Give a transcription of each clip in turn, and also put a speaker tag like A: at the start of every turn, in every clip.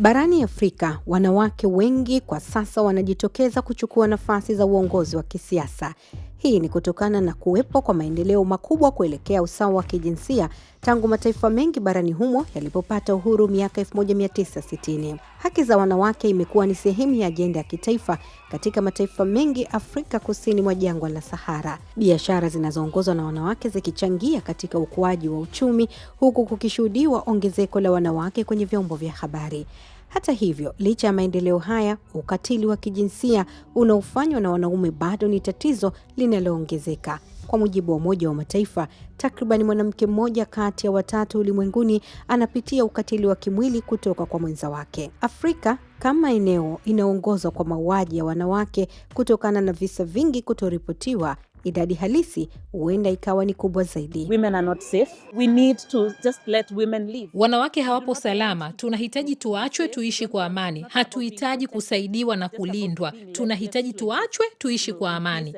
A: Barani Afrika, wanawake wengi kwa sasa wanajitokeza kuchukua nafasi za uongozi wa kisiasa. Hii ni kutokana na kuwepo kwa maendeleo makubwa kuelekea usawa wa kijinsia tangu mataifa mengi barani humo yalipopata uhuru miaka 1960. Haki za wanawake imekuwa ni sehemu ya ajenda ya kitaifa katika mataifa mengi Afrika kusini mwa jangwa la Sahara, biashara zinazoongozwa na wanawake zikichangia katika ukuaji wa uchumi, huku kukishuhudiwa ongezeko la wanawake kwenye vyombo vya habari. Hata hivyo, licha ya maendeleo haya, ukatili wa kijinsia unaofanywa na wanaume bado ni tatizo linaloongezeka. Kwa mujibu wa Umoja wa Mataifa, takriban mwanamke mmoja kati ya watatu ulimwenguni anapitia ukatili wa kimwili kutoka kwa mwenza wake. Afrika kama eneo inaongozwa kwa mauaji ya wanawake kutokana na visa vingi kutoripotiwa idadi halisi huenda ikawa ni kubwa zaidi.
B: Women are not safe. We need to just let women live.
C: Wanawake hawapo salama, tunahitaji tuachwe tuishi kwa amani. Hatuhitaji kusaidiwa na kulindwa, tunahitaji tuachwe tuishi kwa amani.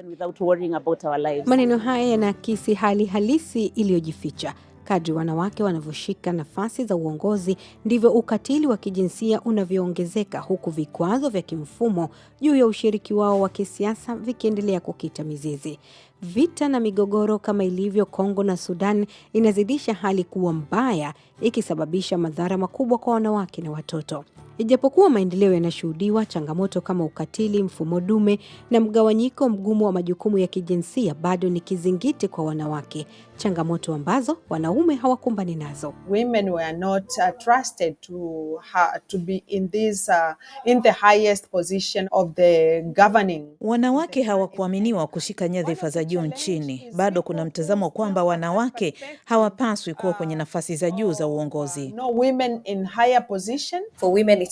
A: Maneno haya yanaakisi hali halisi iliyojificha. Kadri wanawake wanavyoshika nafasi za uongozi ndivyo ukatili wa kijinsia unavyoongezeka, huku vikwazo vya kimfumo juu ya ushiriki wao wa kisiasa vikiendelea kukita mizizi. Vita na migogoro kama ilivyo Kongo na Sudan inazidisha hali kuwa mbaya, ikisababisha madhara makubwa kwa wanawake na watoto. Ijapokuwa maendeleo yanashuhudiwa, changamoto kama ukatili, mfumo dume na mgawanyiko mgumu wa majukumu ya kijinsia bado ni kizingiti kwa wanawake, changamoto ambazo wanaume hawakumbani nazo.
D: Women were not uh, trusted to, to be in this, uh, in the highest position of the governing.
A: Wanawake hawakuaminiwa kushika nyadhifa za juu nchini. Bado kuna mtazamo kwamba wanawake hawapaswi kuwa kwenye nafasi za juu za uongozi.
D: No women in higher position.
E: For women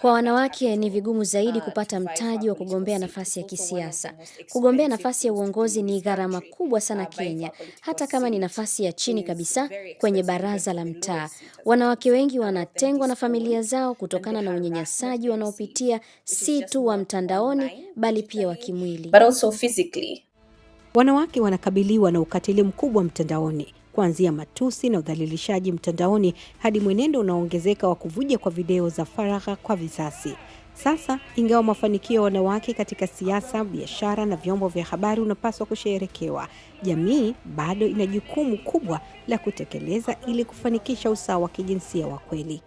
A: kwa wanawake ni vigumu zaidi uh, kupata mtaji wa kugombea nafasi ya kisiasa. Kugombea nafasi ya uongozi ni gharama kubwa sana uh, Kenya, hata kama ni nafasi ya chini kabisa kwenye baraza la mtaa. Wanawake wengi wanatengwa na familia zao kutokana na unyanyasaji wanaopitia, si tu wa mtandaoni, bali pia wa kimwili. Wanawake wanakabiliwa na ukatili mkubwa mtandaoni kuanzia matusi na udhalilishaji mtandaoni hadi mwenendo unaoongezeka wa kuvuja kwa video za faragha kwa visasi. Sasa, ingawa mafanikio ya wanawake katika siasa, biashara na vyombo vya habari unapaswa kusherekewa, jamii bado ina jukumu kubwa la kutekeleza ili kufanikisha usawa wa kijinsia wa kweli.